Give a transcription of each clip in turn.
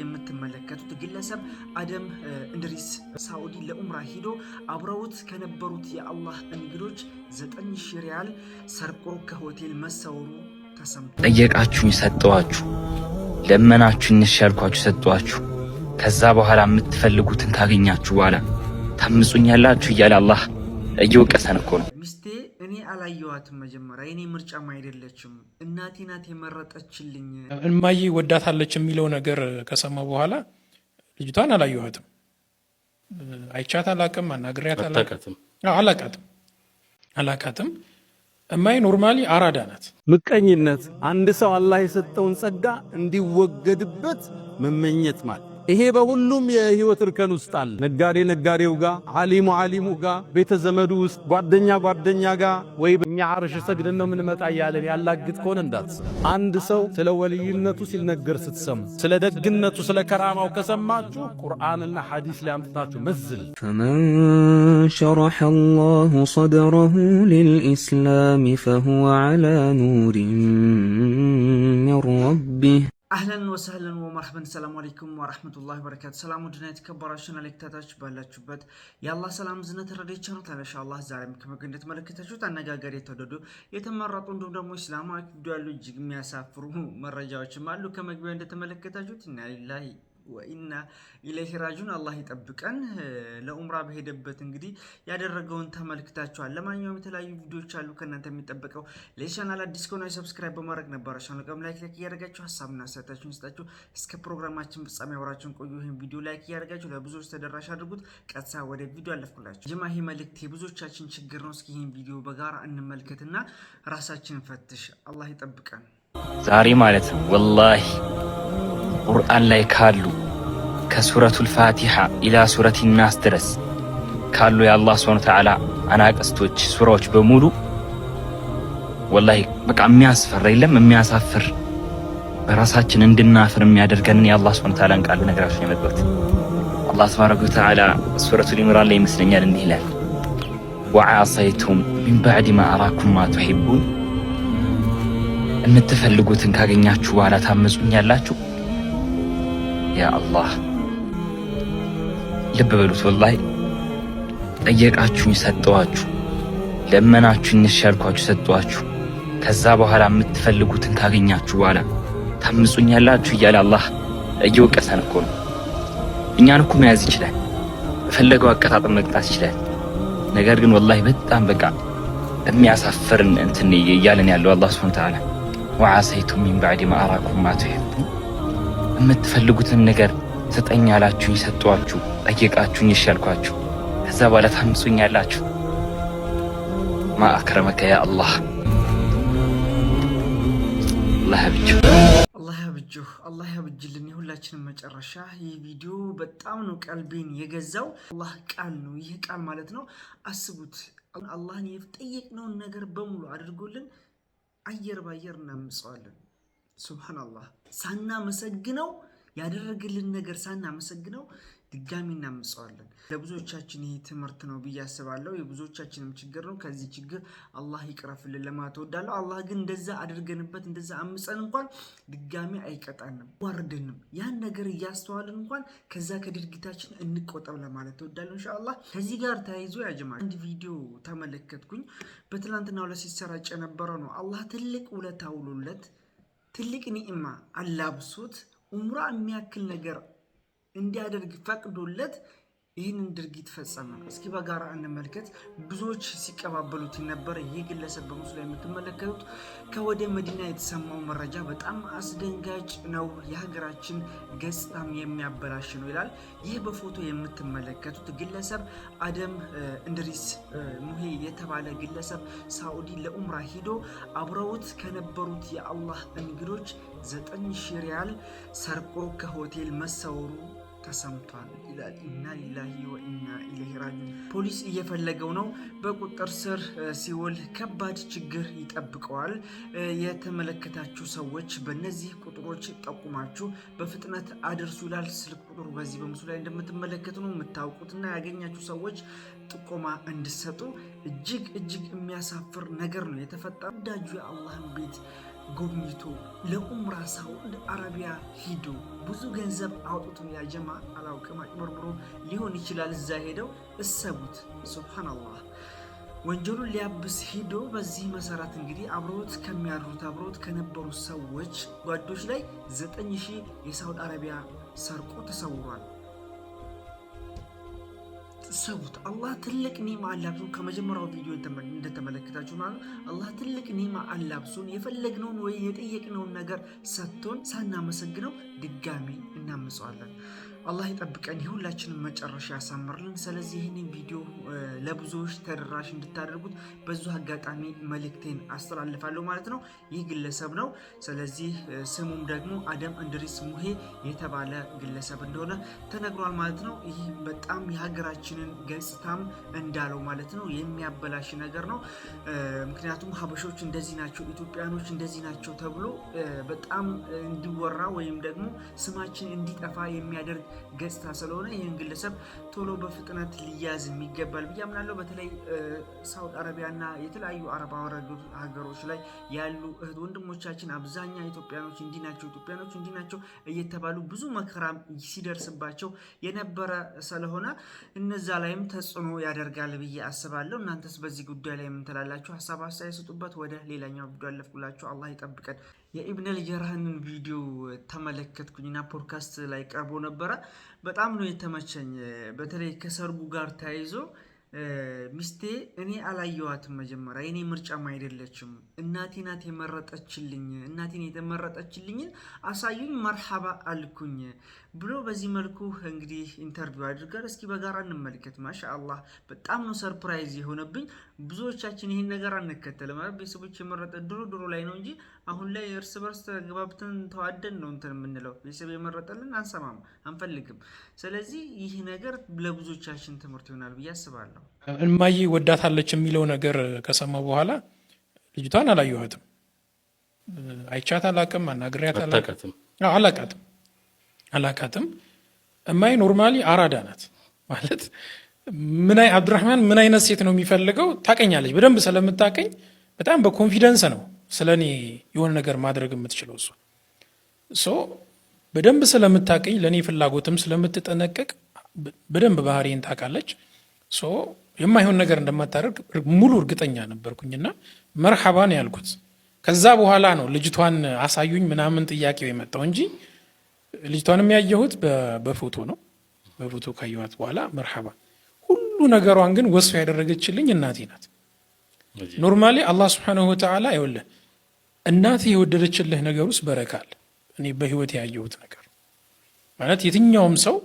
የምትመለከቱት ግለሰብ አደም እንድሪስ ሳዑዲ ለኡምራ ሂዶ አብረውት ከነበሩት የአላህ እንግዶች ዘጠኝ ሺህ ሪያል ሰርቆ ከሆቴል መሰወሩ ተሰምቶ ጠየቃችሁኝ፣ ሰጠዋችሁ፣ ለመናችሁ፣ እንሽ ያልኳችሁ ሰጠዋችሁ። ከዛ በኋላ የምትፈልጉትን ካገኛችሁ በኋላ ታምፁኛላችሁ እያለ አላህ እየወቀሰን እኮ ነው። እኔ አላየዋትም። መጀመሪያ የኔ ምርጫም አይደለችም፣ እናቴ ናት የመረጠችልኝ። እማዬ ወዳታለች የሚለው ነገር ከሰማ በኋላ ልጅቷን አላየዋትም። አይቻት አላቅም፣ አናግሪያት አላቃትም፣ አላቃትም። እማይ ኖርማሊ አራዳ ናት። ምቀኝነት፣ አንድ ሰው አላህ የሰጠውን ጸጋ እንዲወገድበት መመኘት ማለት ይሄ በሁሉም የህይወት እርከን ውስጥ አለ። ነጋዴ ነጋዴው ጋር፣ ዓሊሙ ዓሊሙ ጋር፣ ቤተ ዘመዱ ውስጥ፣ ጓደኛ ጓደኛ ጋር ወይ እኛ አርሽ ሰግደን ነው የምንመጣ እያለን ያላግጥ ከሆነ እንዳትስ። አንድ ሰው ስለ ወልይነቱ ሲነገር ስትሰሙ፣ ስለ ደግነቱ፣ ስለ ከራማው ከሰማችሁ ቁርአንና ሐዲስ ላይ አምጥታችሁ መዝል። ፈመን ሸረሐ አላሁ ሰድረሁ ሊልኢስላሚ ፈሁወ ዐላ ኑሪን ሚን ረቢህ አህለን ወሰህለን ወመርሐበን ሰላሙ አለይኩም ወረህመቱላሂ ወበረካቱ። ሰላም ውድና የተከበራችሁ ተከታታዮች ባላችሁበት የአላህ ሰላም እዝነት ረድኤት ነው ታለሻ አላህ ዛሬም ከምግብ እንደተመለከታችሁት አነጋጋሪ የተወደዱ የተመረጡ እንዲሁም ደግሞ ኢስላማዊ ያሉ እጅግ የሚያሳፍሩ መረጃዎችም አሉ። ከመግቢያው እንደተመለከታችሁት ኢና ሊላሂ ወኢና ኢለይሂ ራጂዑን። አላህ ይጠብቀን። ለኡምራ በሄደበት እንግዲህ ያደረገውን ተመልክታችኋል። ለማንኛውም የተለያዩ ቪዲዮዎች አሉ ከእናንተ የሚጠበቀው ለቻናል አዲስ ከሆነ ሰብስክራይብ በማድረግ ነበረ ቻናል ቀም ላይክ ላይክ እያደረጋችሁ ሀሳብና አስተያየታችሁን ስጣችሁ። እስከ ፕሮግራማችን ፍጻሜ አብራችሁን ቆዩ። ይህን ቪዲዮ ላይክ እያደረጋችሁ ለብዙዎች ተደራሽ አድርጉት። ቀጥታ ወደ ቪዲዮ አለፍኩላችሁ። ጅማ ይሄ መልእክት የብዙዎቻችን ችግር ነው። እስኪ ይህን ቪዲዮ በጋራ እንመልከትና ራሳችንን ፈትሽ። አላህ ይጠብቀን። ዛሬ ማለት ነው ወላሂ ቁርአን ላይ ካሉ ከሱረቱል ፋቲሓ ኢላ ሱረት ናስ ድረስ ካሉ የአላህ ስብሃነ ወተዓላ አናቅስቶች ሱራዎች በሙሉ ወላሂ በቃ የሚያስፈራ የለም የሚያሳፍር በራሳችን እንድናፍር የሚያደርገንን የአላህ ስብሃነ ወተዓላን ቃል ነገራችን የመጣሁት አላህ ተባረከ ወተዓላ ሱረቱል ኢምራን ላይ ይመስለኛል እንዲህ ይላል ወዓሰይቱም ሚን ባዕድ ማ አራኩም ማ ቱሒቡን የምትፈልጉትን ካገኛችሁ በኋላ ታመፁኛላችሁ ያ አላህ ልብ በሉት። ወላሂ ጠየቃችሁኝ ሰጠዋችሁ፣ ለመናችሁ እንሻልኳችሁ ሰጠዋችሁ። ከዛ በኋላ የምትፈልጉትን ካገኛችሁ በኋላ ታምፁኛላችሁ እያለ አላህ እየወቀሰን እኮ ነው። እኛን እኮ መያዝ ይችላል፣ በፈለገው አቀጣጥም መቅጣት ይችላል። ነገር ግን ወላሂ በጣም በቃ የሚያሳፍርን እንትን እያለን ያለው አላህ ሱብሓነሁ ወተዓላ ወዓሰይቱም ሚን ባዕድ ማ አራኩም ማ ቱሒቡን የምትፈልጉትን ነገር ስጠኝ አላችሁ ሰጠኋችሁ። ጠየቃችሁኝ፣ እሺ አልኳችሁ። ከዛ በኋላ ታምፁኝ አላችሁ። ማአክረመከ ያ አላህ አላህ ያብጅህ አላህ ያብጅልን የሁላችንም መጨረሻ። ይህ ቪዲዮ በጣም ነው ቀልቤን የገዛው። አላህ ቃል ነው ይህ ቃል ማለት ነው። አስቡት አላህን የጠየቅነውን ነገር በሙሉ አድርጎልን አየር ባየር እናምጸዋለን። ሳና ሳናመሰግነው ያደረግልን ነገር ሳናመሰግነው ድጋሚ እናምጸዋለን። ለብዙዎቻችን ይህ ትምህርት ነው ብዬ አስባለሁ። የብዙዎቻችንም ችግር ነው። ከዚህ ችግር አላህ ይቅረፍልን ለማለት እወዳለሁ። አላህ ግን እንደዛ አድርገንበት እንደዛ አምፀን እንኳን ድጋሚ አይቀጣንም፣ ዋርድንም ያን ነገር እያስተዋልን እንኳን ከዛ ከድርጊታችን እንቆጠብ ለማለት እወዳለሁ እንሻላ ከዚህ ጋር ተያይዞ ያጀማ አንድ ቪዲዮ ተመለከትኩኝ። በትናንትና ዕለት ሲሰራጭ የነበረ ነው። አላህ ትልቅ ውለታ ውሎለት ትልቅ ኒዕማ አላብሱት ኡምራ የሚያክል ነገር እንዲያደርግ ፈቅዶለት ይህንን ድርጊት ፈጸመ። እስኪ በጋራ እንመልከት። ብዙዎች ሲቀባበሉት የነበረ ይህ ግለሰብ በምስሉ ላይ የምትመለከቱት ከወደ መዲና የተሰማው መረጃ በጣም አስደንጋጭ ነው፣ የሀገራችን ገጽታም የሚያበላሽ ነው ይላል። ይህ በፎቶ የምትመለከቱት ግለሰብ አደም እንድሪስ ሙሄ የተባለ ግለሰብ ሳኡዲ ለኡምራ ሂዶ አብረውት ከነበሩት የአላህ እንግዶች ዘጠኝ ሺ ሪያል ሰርቆ ከሆቴል መሰወሩ ተሰምቷል ይላል። ኢና ሊላሂ ወኢና ኢለይሂ ራጂዑን። ፖሊስ እየፈለገው ነው። በቁጥር ስር ሲውል ከባድ ችግር ይጠብቀዋል። የተመለከታችሁ ሰዎች በእነዚህ ቁጥሮች ጠቁማችሁ በፍጥነት አድርሱ ይላል። ስልክ ቁጥሩ በዚህ በምስሉ ላይ እንደምትመለከቱ ነው። የምታውቁትና ያገኛችሁ ሰዎች ጥቆማ እንድሰጡ። እጅግ እጅግ የሚያሳፍር ነገር ነው የተፈጠረው። ወዳጁ የአላህን ቤት ጎብኝቶ ለኡምራ ሳውዲ አረቢያ ሂዱ። ብዙ ገንዘብ አውጥቱም ያጀማ አላውቅም፣ አጭበርብሮ ሊሆን ይችላል። እዛ ሄደው እሰቡት። ሱብሃነላህ ወንጀሉን ሊያብስ ሂዶ በዚህ መሰረት እንግዲህ አብሮት ከሚያድሩት አብሮት ከነበሩት ሰዎች ጓዶች ላይ ዘጠኝ ሺህ የሳውዲ አረቢያ ሰርቆ ተሰውሯል። ሰቡት። አላህ ትልቅ ኒማ አላብሱን። ከመጀመሪያው ቪዲዮ እንደተመለከታችሁ ማለት አላህ ትልቅ ኒማ አላብሱን። የፈለግነውን ወይ የጠየቅነውን ነገር ሰጥቶን ሳናመሰግነው ድጋሚ እናምጸዋለን። አላህ ይጠብቀን፣ የሁላችንም መጨረሻ ያሳምርልን። ስለዚህ ይህንን ቪዲዮ ለብዙዎች ተደራሽ እንድታደርጉት በዚሁ አጋጣሚ መልእክቴን አስተላልፋለሁ ማለት ነው። ይህ ግለሰብ ነው። ስለዚህ ስሙም ደግሞ አደም እንድሪስ ሙሄ የተባለ ግለሰብ እንደሆነ ተነግሯል ማለት ነው። ይህ በጣም የሀገራችንን ገጽታም እንዳለው ማለት ነው የሚያበላሽ ነገር ነው። ምክንያቱም ሀበሾች እንደዚህ ናቸው፣ ኢትዮጵያኖች እንደዚህ ናቸው ተብሎ በጣም እንዲወራ ወይም ደግሞ ስማችን እንዲጠፋ የሚያደርግ ገጽታ ስለሆነ ይህን ግለሰብ ቶሎ በፍጥነት ሊያዝ የሚገባል ብዬ አምናለሁ። በተለይ ሳውዲ አረቢያና የተለያዩ አረብ ሀገሮች ላይ ያሉ እህት ወንድሞቻችን አብዛኛ ኢትዮጵያኖች እንዲህ ናቸው፣ ኢትዮጵያኖች እንዲህ ናቸው እየተባሉ ብዙ መከራም ሲደርስባቸው የነበረ ስለሆነ እነዛ ላይም ተጽዕኖ ያደርጋል ብዬ አስባለሁ። እናንተስ በዚህ ጉዳይ ላይ የምንተላላችሁ ሀሳብ አስተያየት ስጡበት። ወደ ሌላኛው ጉዳይ አለፍኩላችሁ። አላህ ይጠብቀን። የኢብነል ጀራህንን ቪዲዮ ተመለከትኩኝና ፖድካስት ላይ ቀርቦ ነበረ። በጣም ነው የተመቸኝ። በተለይ ከሰርጉ ጋር ተያይዞ ሚስቴ እኔ አላየዋትም፣ መጀመሪያ የኔ ምርጫም አይደለችም፣ እናቴ ናት የመረጠችልኝ፣ እናቴን የተመረጠችልኝን አሳዩኝ መርሐባ አልኩኝ ብሎ በዚህ መልኩ እንግዲህ ኢንተርቪው አድርጋል እስኪ በጋራ እንመልከት። ማሻአላ በጣም ነው ሰርፕራይዝ የሆነብኝ። ብዙዎቻችን ይህን ነገር አንከተልም። ቤተሰቦች የመረጠ ድሮ ድሮ ላይ ነው እንጂ አሁን ላይ እርስ በርስ ተግባብተን ተዋደን ነው እንትን የምንለው። ቤተሰብ የመረጠልን አንሰማም፣ አንፈልግም። ስለዚህ ይህ ነገር ለብዙዎቻችን ትምህርት ይሆናል ብዬ አስባለሁ። እማዬ ወዳታለች የሚለው ነገር ከሰማ በኋላ ልጅቷን አላየኋትም፣ አይቻት አላቅም፣ አናግሪያት አላቃትም አላቃትም። እማዬ ኖርማሊ አራዳ ናት ማለት ምን አብዱራህማን ምን አይነት ሴት ነው የሚፈልገው? ታቀኛለች፣ በደንብ ስለምታቀኝ በጣም በኮንፊደንስ ነው ስለ እኔ የሆነ ነገር ማድረግ የምትችለው እሷ ሶ በደንብ ስለምታቀኝ ለእኔ ፍላጎትም ስለምትጠነቀቅ በደንብ ባህሪን ታውቃለች። ሶ የማይሆን ነገር እንደማታደርግ ሙሉ እርግጠኛ ነበርኩኝና መርሓባ ነው ያልኩት። ከዛ በኋላ ነው ልጅቷን አሳዩኝ ምናምን ጥያቄው የመጣው እንጂ ልጅቷንም ያየሁት በፎቶ ነው። በፎቶ ካየዋት በኋላ መርሓባ ሁሉ ነገሯን ግን ወስፋ ያደረገችልኝ እናቴ ናት። ኖርማሊ አላህ ስብሓነሁ ወተላ ይኸውልህ እናት የወደደችልህ ነገር ውስጥ በረካል። እኔ በህይወት ያየሁት ነገር ማለት የትኛውም ሰው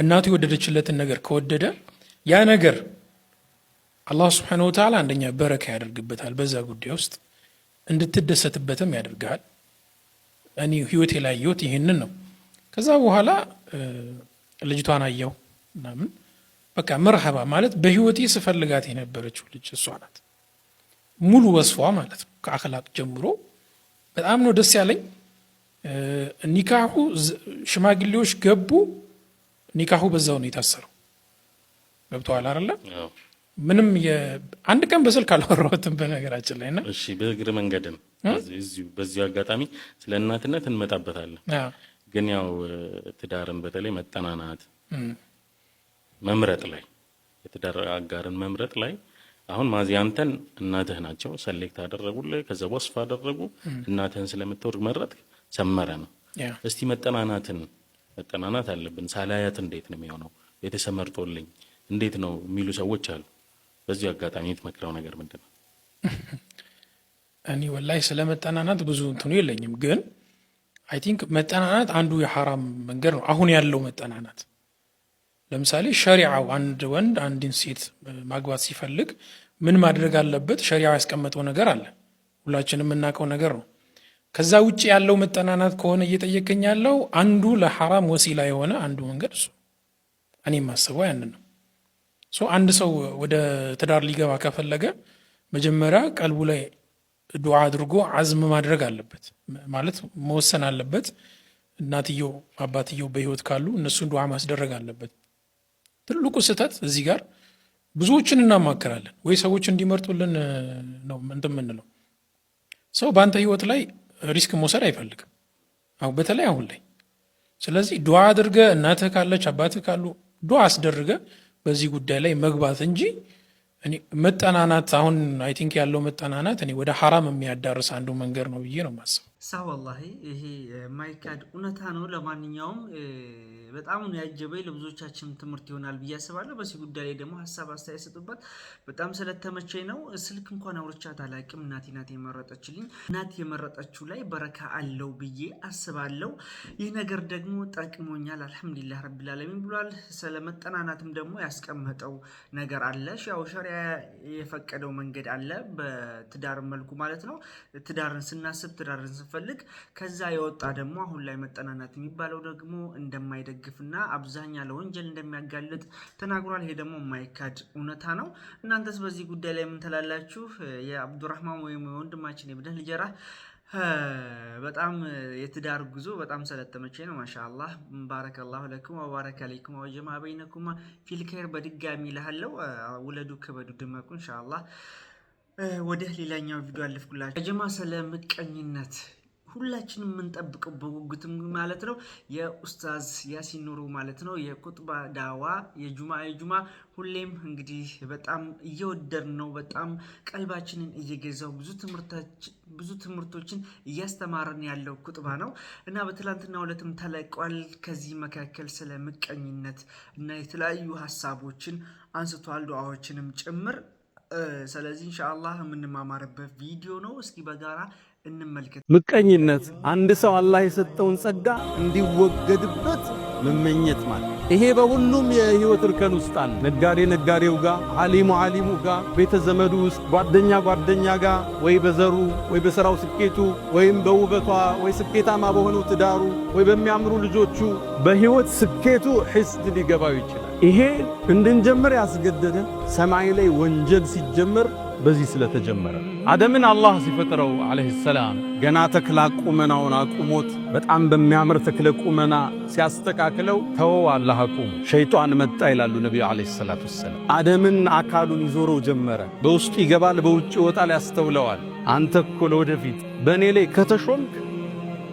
እናቱ የወደደችለትን ነገር ከወደደ ያ ነገር አላህ ስብሓነሁ ወተዓላ አንደኛ በረካ ያደርግበታል። በዛ ጉዳይ ውስጥ እንድትደሰትበትም ያደርግሃል። እኔ ህይወት የላየሁት ይህንን ነው። ከዛ በኋላ ልጅቷን አየሁ ምናምን በቃ መርሃባ ማለት በህይወቴ ስፈልጋት የነበረችው ልጅ እሷ ናት። ሙሉ ወስፏ ማለት ነው። ከአክላቅ ጀምሮ በጣም ነው ደስ ያለኝ። ኒካሁ ሽማግሌዎች ገቡ፣ ኒካሁ በዛው ነው የታሰረው። ገብተዋል አለ ምንም አንድ ቀን በስልክ አላወራሁትም በነገራችን ላይ ና በእግር መንገድም በዚሁ አጋጣሚ ስለ እናትነት እንመጣበታለን። ግን ያው ትዳርን በተለይ መጠናናት መምረጥ ላይ የትዳር አጋርን መምረጥ ላይ አሁን ማዚ አንተን እናትህ ናቸው ሰሌክት አደረጉልህ። ከዚ ወስፍ አደረጉ። እናትህን ስለምትወርግ መረጥ ሰመረ ነው። እስቲ መጠናናትን መጠናናት አለብን። ሳላያት እንዴት ነው የሚሆነው? የተሰመርጦልኝ እንዴት ነው የሚሉ ሰዎች አሉ። በዚ አጋጣሚ የትመክረው ነገር ምንድን ነው? እኔ ወላይ ስለ መጠናናት ብዙ እንትኑ የለኝም፣ ግን አይ ቲንክ መጠናናት አንዱ የሐራም መንገድ ነው አሁን ያለው መጠናናት ለምሳሌ ሸሪዓው አንድ ወንድ አንድን ሴት ማግባት ሲፈልግ ምን ማድረግ አለበት? ሸሪዓው ያስቀመጠው ነገር አለ። ሁላችንም የምናውቀው ነገር ነው። ከዛ ውጭ ያለው መጠናናት ከሆነ እየጠየቀኝ ያለው አንዱ ለሐራም ወሲላ የሆነ አንዱ መንገድ እሱ እኔ የማስበው ያንን ነው። አንድ ሰው ወደ ትዳር ሊገባ ከፈለገ መጀመሪያ ቀልቡ ላይ ዱዓ አድርጎ አዝም ማድረግ አለበት፣ ማለት መወሰን አለበት። እናትየው አባትየው በህይወት ካሉ እነሱን ዱዓ ማስደረግ አለበት። ትልቁ ስህተት እዚህ ጋር ብዙዎችን እናማከራለን ወይ ሰዎች እንዲመርጡልን ነው እንትን ሰው በአንተ ህይወት ላይ ሪስክ መውሰድ አይፈልግም፣ አሁ በተለይ አሁን ላይ። ስለዚህ ዱዓ አድርገ እናትህ ካለች አባትህ ካሉ ዱዓ አስደርገ በዚህ ጉዳይ ላይ መግባት እንጂ መጠናናት አሁን አይ ቲንክ ያለው መጠናናት እኔ ወደ ሐራም የሚያዳርስ አንዱ መንገድ ነው ብዬ ነው የማስበው። ሳ ወላሂ ይሄ ማይካድ እውነታ ነው። ለማንኛውም በጣም ነው ያጀበኝ። ለብዙዎቻችን ትምህርት ይሆናል ብዬ አስባለሁ። በዚህ ጉዳይ ላይ ደግሞ ሀሳብ አስተያየት ስጡበት። በጣም ስለተመቸኝ ነው። ስልክ እንኳን አውርቻት አላውቅም። እናቴ ናት የመረጠችልኝ። እናት የመረጠችው ላይ በረካ አለው ብዬ አስባለሁ። ይህ ነገር ደግሞ ጠቅሞኛል። አልሐምዱሊላህ ረቢል ብሏል። ስለመጠናናትም ደግሞ ያስቀመጠው ነገር አለ። ያው ሸሪያ የፈቀደው መንገድ አለ፣ በትዳር መልኩ ማለት ነው። ትዳርን ስናስብ ትዳርን ስለማትፈልግ ከዛ የወጣ ደግሞ አሁን ላይ መጠናናት የሚባለው ደግሞ እንደማይደግፍና አብዛኛ ለወንጀል እንደሚያጋልጥ ተናግሯል። ይሄ ደግሞ የማይካድ እውነታ ነው። እናንተስ በዚህ ጉዳይ ላይ ምን ትላላችሁ? የአብዱራህማን ወይም የወንድማችን የብደህ ልጀራ በጣም የትዳር ጉዞ በጣም ሰለተመቼ ነው። ማሻአላህ ባረከላሁ ለኩም ወባረከ ለይኩም ወጀማ በይነኩማ ፊልከር በድጋሚ ይልሃለው። ውለዱ ክበዱ፣ ድመቁ ኢንሻአላህ። ወደ ሌላኛው ቪዲዮ አልፍኩላችሁ። ጀማ ስለ ምቀኝነት ሁላችን የምንጠብቀው በጉጉትም ማለት ነው የኡስታዝ ያሲን ኑሩ ማለት ነው የቁጥባ ዳዋ የጁማ የጁማ ሁሌም እንግዲህ በጣም እየወደድ ነው በጣም ቀልባችንን እየገዛው ብዙ ትምህርታችን ብዙ ትምህርቶችን እያስተማረን ያለው ቁጥባ ነው እና በትላንትና ሁለትም ተለቋል። ከዚህ መካከል ስለ ምቀኝነት እና የተለያዩ ሀሳቦችን አንስቷል፣ ዱዓዎችንም ጭምር። ስለዚህ እንሻአላህ የምንማማርበት ቪዲዮ ነው። እስኪ በጋራ እንመልከት። ምቀኝነት አንድ ሰው አላህ የሰጠውን ጸጋ እንዲወገድበት መመኘት ማለት ይሄ በሁሉም የህይወት እርከን ውስጥ አለ። ነጋዴ ነጋዴው ጋር፣ ዓሊሙ ዓሊሙ ጋር፣ ቤተ ዘመዱ ውስጥ፣ ጓደኛ ጓደኛ ጋር፣ ወይ በዘሩ ወይ በሥራው ስኬቱ ወይም በውበቷ ወይ ስኬታማ በሆነው ትዳሩ ወይ በሚያምሩ ልጆቹ በህይወት ስኬቱ ሒስድ ሊገባው ይችላል። ይሄ እንድንጀምር ያስገደደ ሰማይ ላይ ወንጀል ሲጀመር በዚህ ስለተጀመረ አደምን አላህ ሲፈጥረው ዓለይሂ ሰላም ገና ተክላ ቁመናውን አቁሞት በጣም በሚያምር ተክለ ቁመና ሲያስተካክለው ተወው አላህ አቁሙ ሸይጧን መጣ ይላሉ ነቢዩ ዓለይሂ ሰላቱ ወሰላም። አደምን አካሉን ይዞረው ጀመረ። በውስጡ ይገባል፣ በውጭ ይወጣል፣ ያስተውለዋል። አንተ እኮ ለወደፊት በእኔ ላይ ከተሾምክ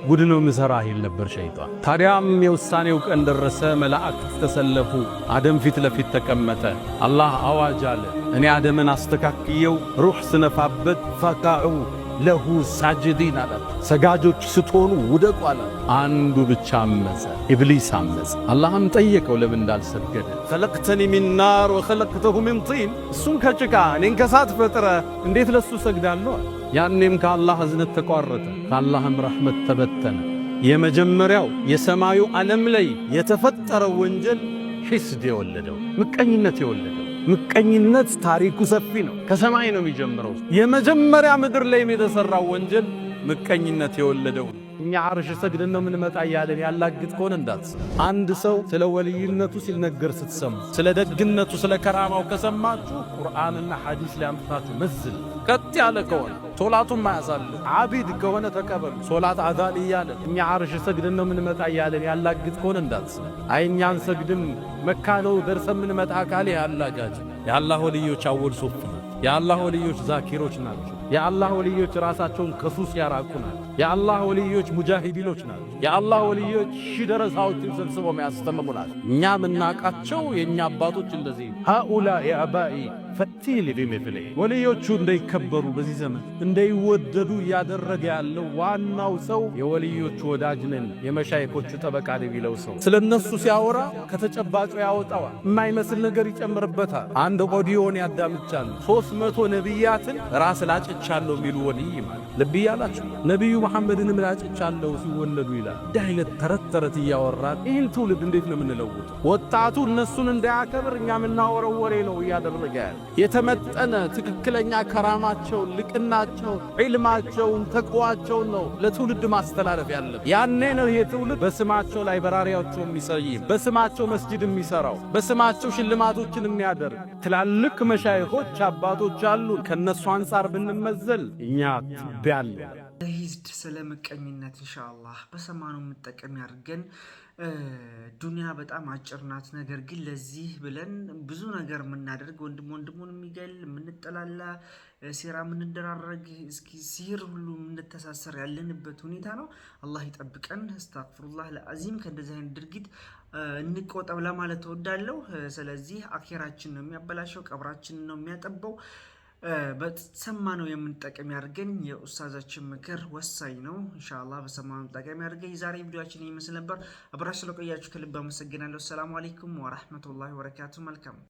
ጉድ ነው ምሠራ ይል ነበር ሸይጧን ታዲያም የውሳኔው ቀን ደረሰ። መላእክት ተሰለፉ። አደም ፊት ለፊት ተቀመጠ። አላህ አዋጅ አለ እኔ አደምን አስተካክየው ሩሕ ስነፋበት ፈቃዑ ለሁ ሳጅዲን አላት። ሰጋጆች ስትሆኑ ውደቁ አላት። አንዱ ብቻ አመፀ፣ ኢብሊስ አመፀ። አላህም ጠየቀው ለምን እንዳልሰገደ። ኸለቅተኒ ሚን ናር ወኸለቅተሁ ሚን ጢን፣ እሱን ከጭቃ እኔን ከሳት ፈጥረ እንዴት ለሱ ሰግዳለሁ? ያኔም ከአላህ እዝነት ተቋረጠ፣ ከአላህም ረሕመት ተበተነ። የመጀመሪያው የሰማዩ ዓለም ላይ የተፈጠረው ወንጀል ሒስድ የወለደው ምቀኝነት የወለደው ምቀኝነት ታሪኩ ሰፊ ነው። ከሰማይ ነው የሚጀምረው። የመጀመሪያ ምድር ላይም የተሰራው ወንጀል ምቀኝነት የወለደው እኛ አርሽ ሰግድ ነው የምንመጣ እያለን ያላግጥ ከሆነ እንዳት አንድ ሰው ስለ ወልይነቱ ሲነገር ስትሰሙ፣ ስለ ደግነቱ፣ ስለ ከራማው ከሰማችሁ ቁርአንና ሐዲስ ሊያምጣችሁ አምጥታችሁ መዝል። ቀጥ ያለ ከሆነ ሶላቱን ማያሳልፍ አቢድ ከሆነ ተቀበሉ። ሶላት አዛል እያለ እኛ አርሽ ሰግድ ነው የምንመጣ እያለን ያላግጥ ከሆነ እንዳት አይ እኛ አንሰግድም መካ ነው ደርሰን የምንመጣ አካል ያላጋጅ የአላህ ወልዮች አወል ሶፍ የአላህ ወልዮች ዛኪሮች ናቸው። የአላህ ወልዮች ራሳቸውን ከሱስ ያራቁ ናቸው። የአላህ ወልዮች ሙጃሂዲኖች ናቸው። የአላህ ወልዮች ሺህ ደረሳዎችን ሰብስበው የሚያስተምሩ ናቸው። እኛ ምናቃቸው የእኛ አባቶች እንደዚህ ሃኡላ የአባኢ ፈቲ ሊሚፍሌ ወልዮቹ እንዳይከበሩ በዚህ ዘመን እንዳይወደዱ እያደረገ ያለው ዋናው ሰው የወልዮቹ ወዳጅ ነን የመሻይኮቹ ጠበቃ ነው የሚለው ሰው ስለ እነሱ ሲያወራ ከተጨባጩ ያወጣዋል። የማይመስል ነገር ይጨምርበታል። አንድ ኦዲዮን ያዳምቻል። ሦስት መቶ ነቢያትን ራስ ላጭቻለሁ የሚሉ ወልይ ማለት ልብ እያላቸው ነቢዩ መሐመድንም ላጭቻለሁ ሲወለዱ ይላል። እንዲህ አይነት ተረት ተረት እያወራል። ይህን ትውልድ እንዴት ነው የምንለውጥ? ወጣቱ እነሱን እንዳያከብር እኛ የምናወረው ወሬ ነው እያደረገ ያለ የተመጠነ ትክክለኛ ከራማቸውን፣ ልቅናቸው ዒልማቸውን፣ ተቅዋቸውን ነው ለትውልድ ማስተላለፍ ያለ። ያኔ ነው ይሄ ትውልድ በስማቸው ላይብራሪያቸው የሚሰይም፣ በስማቸው መስጅድ የሚሰራው፣ በስማቸው ሽልማቶችን የሚያደርግ ትላልቅ መሻይኾች አባቶች አሉ። ከእነሱ አንጻር ብንመዘል እኛ ትቢያለ ለሂዝድ ስለ ምቀኝነት አላህ በሰማኑ የምጠቀም ያድርገን። ዱንያ በጣም አጭር ናት። ነገር ግን ለዚህ ብለን ብዙ ነገር የምናደርግ ወንድም ወንድሙን የሚገል የምንጠላላ፣ ሴራ የምንደራረግ፣ እስኪ ሲህር ሁሉ የምንተሳሰር ያለንበት ሁኔታ ነው። አላህ ይጠብቀን። አስተግፊሩላህ ለአዚም ከእንደዚህ አይነት ድርጊት እንቆጠብ ለማለት እወዳለሁ። ስለዚህ አኬራችን ነው የሚያበላሸው፣ ቀብራችን ነው የሚያጠበው። ነው የምንጠቀም ያድርገን። የኡስታዛችን ምክር ወሳኝ ነው። እንሻላ በሰማ ነው ጠቀም ያድርገን። የዛሬ ቪዲዮችን ይመስል ነበር። አብራችሁ ስለቆያችሁ ከልብ አመሰግናለሁ። ሰላሙ አሌይኩም ወራህመቱላሂ ወበረካቱ። መልካም